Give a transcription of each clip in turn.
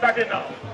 Tá aqui não.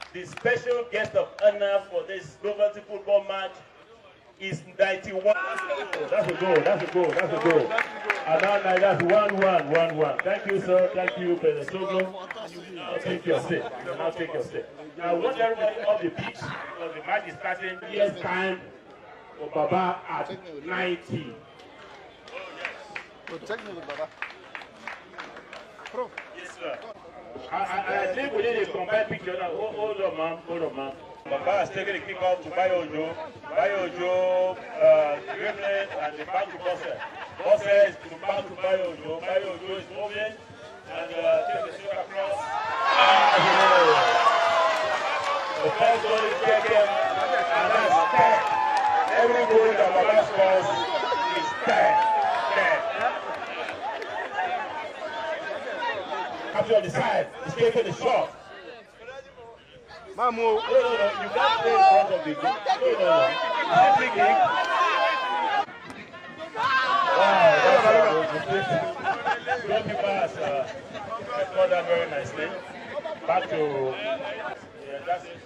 The special guest of honor for this Novelty football match is 91. That's a goal, that's a goal, that's a goal. And now that's 1 1 1 1. Thank you, sir. Thank you, President Soglo. Now take your seat. Now take your seat. Now, watch everybody off the pitch because the match is starting. Yes, time for Baba at 90. Oh, yes. Baba. Yes, sir. I, I think we need a combined picture now. Hold, hold on, ma'am. Hold on, ma'am. Baba has taken a kick out to Bayojo. Bayojo, uh, Gremlin, and the back to Bosse. Bosse is to back to Bayojo. Bayojo is moving and uh, takes the shot across. Ah, yeah. The first goal is taken, and that's 10. Every goal that Baba scores is 10. capture on the side, escape on the shot. Mamu. No, no, no, you got not play in front of the goal. No, no, no. Free kick. Wow, that's a goal. Goalkeeper has uh, scored that very nicely. Back to... Yeah, that's it.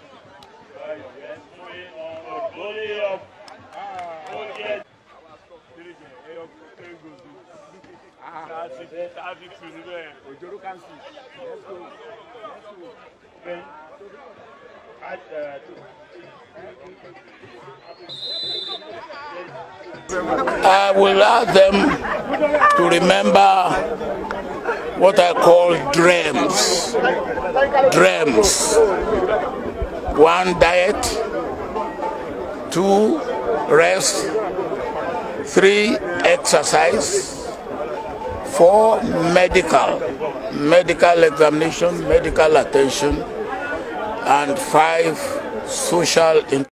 Right, yes. Goalie up. Goalie up. I will ask them to remember what I call dreams. Dreams. One, diet. Two, rest. three exercise, four medical, medical examination, medical attention, and five social